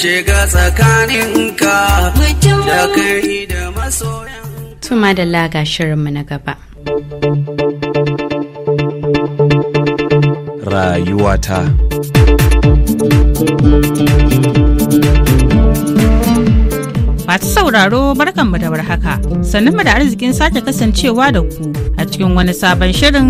shiga tsakaninka da kai da masoyan. Tuma da laga shirinmu na gaba. Rayuwata Masu sauraro barkanmu da warhaka, sannunmu da arzikin sake kasancewa da ku a cikin wani sabon shirin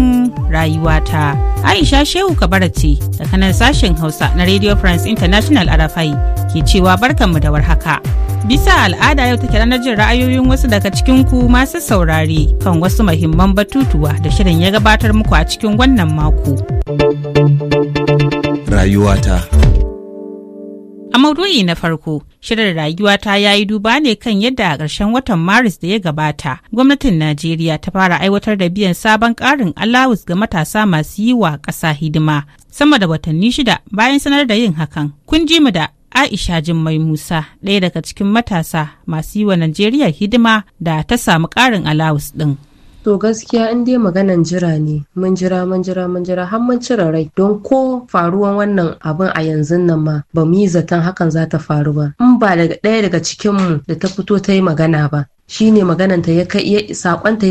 rayuwata. Aisha Shehu Kabara ce daga nan sashen Hausa na Radio France International Arafai ke cewa barkanmu da warhaka. Bisa al'ada yau take ranar jin ra'ayoyin wasu daga cikin ku masu saurari kan wasu mahimman batutuwa da shirin ya gabatar muku a cikin wannan mako. Rayuwata A maudu'i na farko, shirin rayuwa ta ya yi duba ne kan yadda a ƙarshen watan Maris da ya gabata, gwamnatin Najeriya ta fara aiwatar da biyan sabon ƙarin alawus ga matasa masu yi wa ƙasa hidima. Sama da watanni shida bayan sanar da yin hakan, kun ji mu da Aisha Jummai Musa ɗaya daga cikin matasa masu yi wa Najeriya hidima da ta samu ƙarin alawus ɗin. To gaskiya in dai maganan jira ne mun jira mun jira mun jira har mun cire rai don ko faruwan wannan abin a yanzu nan ma ba mu yi zaton hakan za ta faru ba in ba daga ɗaya daga cikin mu da ta fito ta yi magana ba shine maganan ta ya kai ya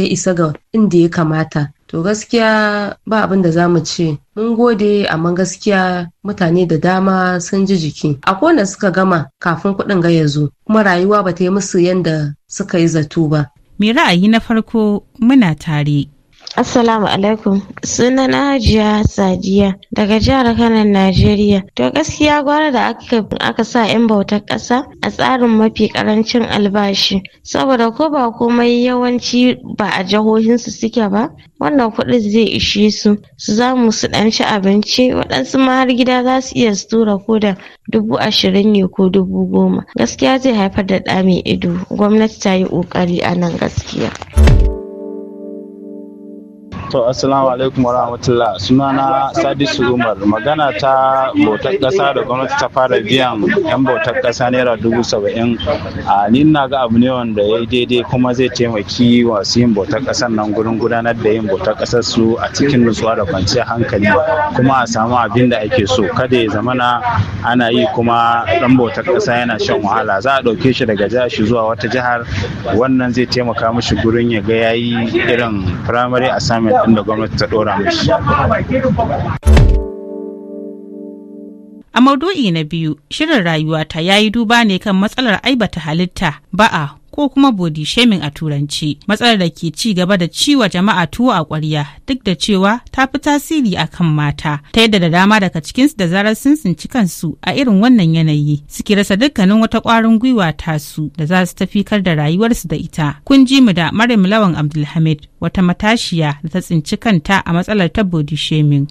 isa ga inda ya kamata to gaskiya ba abin da za mu ce mun gode amma gaskiya mutane da dama sun ji jiki a kona suka gama kafin kuɗin ga ya zo kuma rayuwa ba ta yi musu yadda suka yi zato ba. Me ra'ayi na farko muna tare. Assalamu alaikum. Suna na Hajiya Sadiya daga jihar Kano, Najeriya. To gaskiya gwara da aka aka sa 'yan bautar ƙasa a tsarin mafi karancin albashi. Saboda ko ba komai yawanci ba a jihohinsu suke ba, wannan kuɗin zai ishe su. Su mu su ɗan ci abinci, waɗansu ma har gida za su iya su tura ko da dubu ashirin ne ko dubu goma. Gaskiya zai haifar da ɗa mai ido. Gwamnati ta yi ƙoƙari a nan gaskiya. To assalamu alaikum warahmatullah sunana Sadisu Umar magana ta bautar kasa da gwamnati ta fara biyan yan bautar kasa naira dubu saba'in a ni na ga abu ne wanda ya daidai kuma zai taimaki wasu yin bautar kasar nan gurin gudanar da yin bautar kasar su a cikin nutsuwa da kwanciyar hankali kuma a samu abin da ake so kada ya zamana ana yi kuma dan bautar kasa yana shan wahala za a ɗauke shi daga jihar shi zuwa wata jihar wannan zai taimaka mishi gurin ya ga yayi irin firamare a assignment da gwamnati ta dora mishi A maudu'i na biyu, shirin rayuwata ya yi duba ne kan matsalar aibata halitta ba'a ko kuma body shaming a turanci matsalar da ke ci gaba da ciwa jama'a tuwo a ƙwarya duk da cewa ta fi tasiri a kan mata ta yadda da dama daga cikinsu da zarar sun tsinci kansu a irin wannan yanayi suke rasa dukkanin wata ƙwarin gwiwa tasu da za su tafikar da rayuwarsu da ita kun ji mu da maryam lawan abdulhamid wata matashiya da ta tsinci kanta a matsalar ta body shaming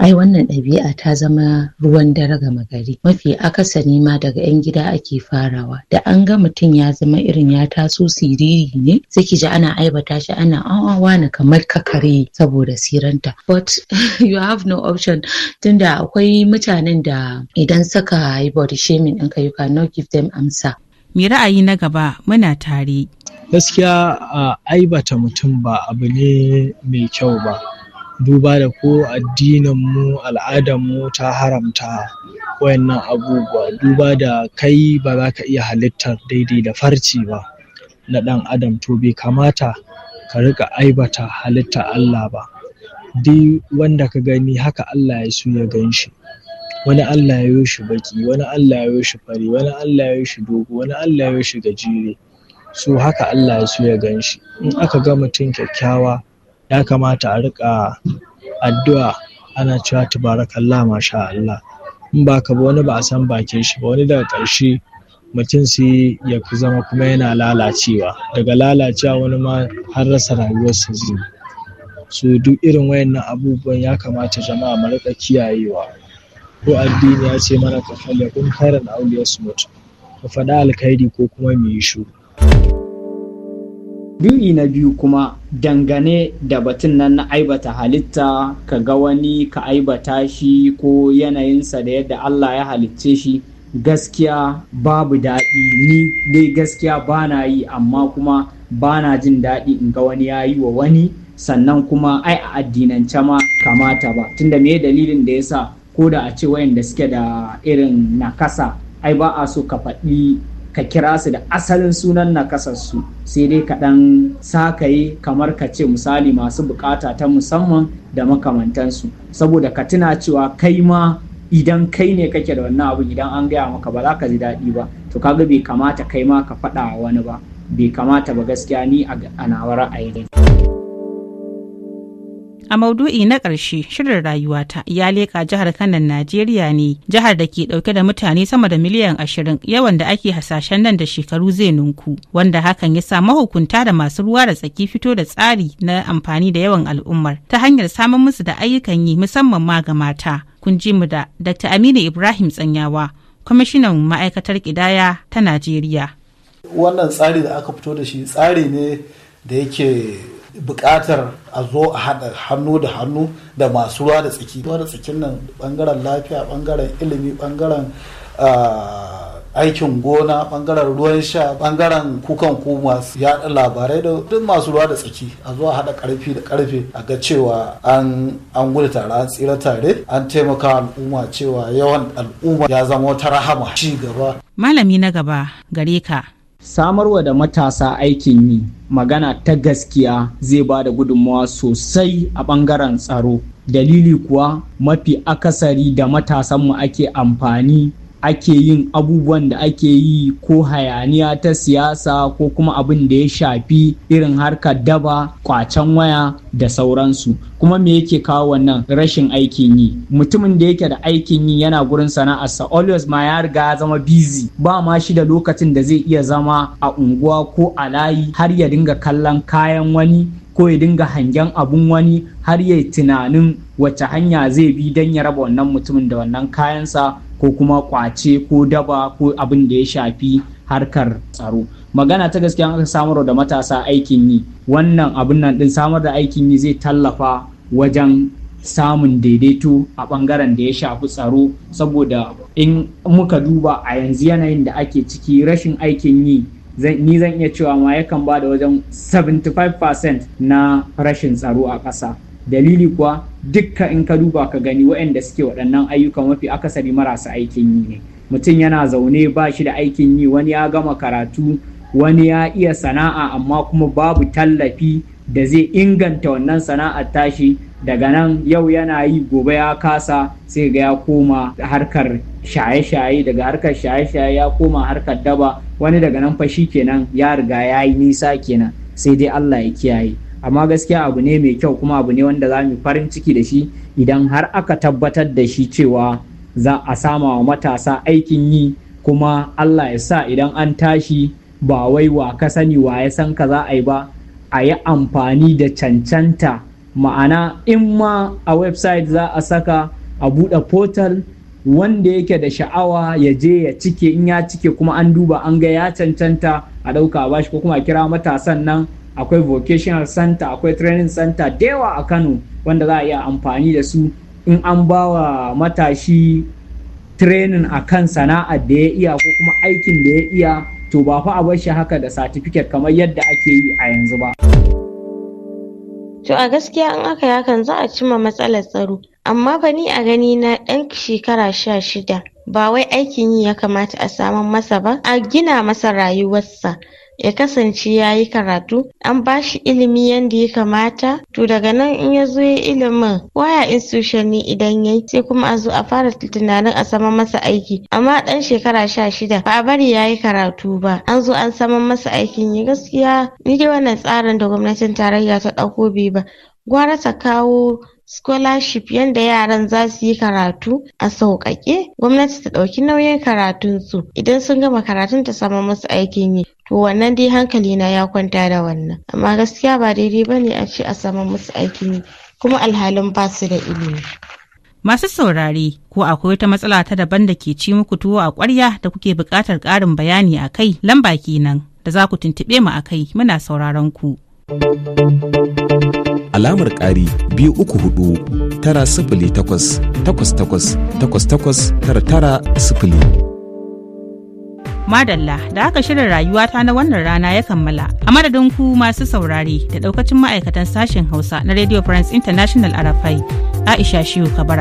ai wannan ɗabi'a ta zama ruwan dare gama gari mafi akasari ma daga 'yan gida ake farawa da an ga mutum ya zama irin ya taso siriri ne sai ki ji ana aibata shi ana awawa wani kamar kakare saboda siranta but you have no option tunda akwai mutanen da idan saka yi body shaming yi you cannot give them amsa mai ra'ayi na gaba muna tare gaskiya a aibata mutum ba abu ne mai kyau ba duba da ko addinin mu addininmu mu ta haramta wayannan abubuwa duba da kai ba za ka iya halittar daidai da farce ba na ɗan adam to bai kamata ka riƙa aibata halittar Allah ba duk wanda ka gani haka Allah ya so ya gan wani Allah ya shi baki wani Allah ya shi fari wani Allah ya shi dogo wani Allah ya shi gajere so haka Allah ya so ya gan in aka ga mutum kyakkyawa ya kamata a riƙa addu'a ana cewa tabarakallah masha Allah in ba ka ba wani ba a san bakin shi ba wani daga ƙarshe mutum sai ya zama kuma yana lalacewa daga lalacewa wani ma har rasa rayuwarsa zai so duk irin wayannan abubuwan ya kamata jama'a mu riƙa kiyayewa ko addini ya ce mana ka falle kun auliyar su mutu ka faɗa alkhairi ko kuma mu yi Maudu'i na biyu kuma dangane da batun nan na aibata halitta ka ga wani ka aibata shi ko yanayinsa da yadda Allah ya halicce shi gaskiya babu daɗi ni dai gaskiya ba na yi amma kuma ba na jin daɗi in ga wani ya yi wa wani sannan kuma ai a addinance ma kamata ba tunda me dalilin da yasa ko da a ce wayanda suke da irin nakasa ai ba a so ka faɗi ka kira su da asalin sunan kasarsu sai dai kaɗan ɗan sakaye kamar ka ce misali masu bukata ta musamman da makamantansu saboda ka tuna cewa kai ma idan kai ne kake da wannan abu idan an gaya maka ba za ka ji daɗi ba to kaga bai kamata kai ma ka faɗa wani ba bai kamata ba gaskiya ni a nawa ra'ayi A maudu'i na ƙarshe shirin rayuwata ya leƙa jihar Kanan Najeriya ne, jihar da ke ɗauke da mutane sama da miliyan ashirin yawan da ake hasashen nan da shekaru zai ninku, wanda hakan ya sa mahukunta da masu ruwa da tsaki fito da tsari na amfani da yawan al'ummar ta hanyar samun musu da ayyukan yi musamman ma ga mata. Kun ji mu da Dr. Aminu Ibrahim Tsanyawa, kwamishinan ma'aikatar ƙidaya ta Najeriya. Wannan tsari da aka fito da shi tsari ne da yake bukatar a zo a haɗa hannu da hannu da masu ruwa da tsaki ruwa da tsakin nan ɓangaren lafiya ɓangaren ilimi ɓangaren ah, aikin gona ɓangaren ruwan sha ɓangaren kukan ku masu yaɗa labarai da duk masu ruwa da tsaki a zuwa haɗa ƙarfi da ƙarfe a ga cewa an an gudu tare an tsira tare an taimaka al'umma cewa yawan al'umma ya zama wata rahama ci gaba malami na gaba gare ka samarwa da matasa aikin yi magana ta gaskiya zai ba da gudunmawa sosai a ɓangaren tsaro dalili kuwa mafi akasari da matasanmu ake amfani ake yin abubuwan da ake yi ko hayaniya ta siyasa ko kuma abin da ya shafi irin harkar daba kwacen waya da sauransu kuma me yake kawo wannan rashin aikin yi mutumin da yake da aikin yi yana gurin sana'arsa always ma ya riga ya zama busy ba ma shi da lokacin da zai iya zama a unguwa ko a layi har ya dinga kallon kayan wani ko ya dinga hangen abun wani har ya tunanin wace hanya zai bi don ya raba wannan mutumin da wannan kayansa ko kuma kwace ko daba ko abin da ya shafi harkar tsaro magana ta gaskiya aka samar da matasa aikin yi wannan abin nan ɗin samar da aikin yi zai tallafa wajen samun daidaito a ɓangaren da ya shafi tsaro saboda in muka duba a yanzu yanayin da ake ciki rashin aikin yi ni zan iya cewa ma yakan ba da wajen 75% na rashin tsaro a ƙasa dalili kuwa dukka in ka duba ka gani waɗanda suke waɗannan ayyukan mafi akasari marasa aikin yi ne mutum yana zaune ba shi da aikin yi wani ya gama karatu wani ya iya sana'a amma kuma babu tallafi da zai inganta wannan sana'ar tashi daga nan yau yana yi gobe ya kasa sai ga ya koma harkar shaye-shaye daga harkar shaye-shaye ya koma harkar daba wani daga nan fa kenan ya riga ya yi nisa kenan sai dai Allah ya kiyaye amma gaskiya abu ne mai kyau kuma abu ne wanda za mu farin ciki da shi idan har aka tabbatar da shi cewa za a sama wa matasa aikin yi kuma Allah ya sa idan an tashi ba wai wa ka sani wa ya san ka za a yi ba a yi amfani da cancanta ma'ana in ma a website za a saka a buɗe portal wanda yake da sha'awa ya je ya cike in ya cike kuma an duba an ga ya cancanta a ɗauka bashi ko kuma a kira matasan nan akwai vocational center akwai training center da yawa a kano wanda za a iya amfani da su in an ba wa matashi training a kan sana'ar da ya iya ko kuma aikin da ya iya to ba fa a bar shi haka da certificate kamar yadda ake yi a yanzu ba. To a gaskiya in aka yakan za a cimma matsalar tsaro amma ba ni a gani na ɗan shekara sha shida ba wai aikin yi ya kamata a samun masa ba a gina masa rayuwarsa ya kasance ya yi karatu an ba shi ilimi yadda ya kamata to daga nan in ya zo ya ilimin waya institution ne idan ya yi sai kuma a zo a fara tunanin a saman masa aiki amma dan shekara sha shida ba a bari ya yi karatu ba an zo an sama masa aikin ya gaskiya ni dai wannan tsarin da gwamnatin tarayya ta ɗauko bai ba gwara ta kawo Scholarship yadda yaran za su yi karatu a sauƙaƙe, gwamnati ta ɗauki nauyin karatunsu idan sun gama karatun ta samu musu aikin yi. To wannan dai hankali na ya kwanta da wannan. Amma gaskiya ba daidai ba ne a ce a samu musu aikin yi kuma alhalin ba su da ilimi. Masu saurare ko akwai wata matsala ta daban da ke ci muku tuwo a ƙwarya da kuke buƙatar ƙarin bayani a kai lamba kenan da za ku tuntuɓe mu a kai muna sauraron ku. alamar ƙari biyu uku hudu tara sifili takwas takwas takwas takwas takwas tara tara sifili. Madalla da aka shirin rayuwata na wannan rana ya kammala a madadin ku masu saurari. da daukacin ma'aikatan sashen Hausa na Radio France International Arafai Aisha Shiu Kabara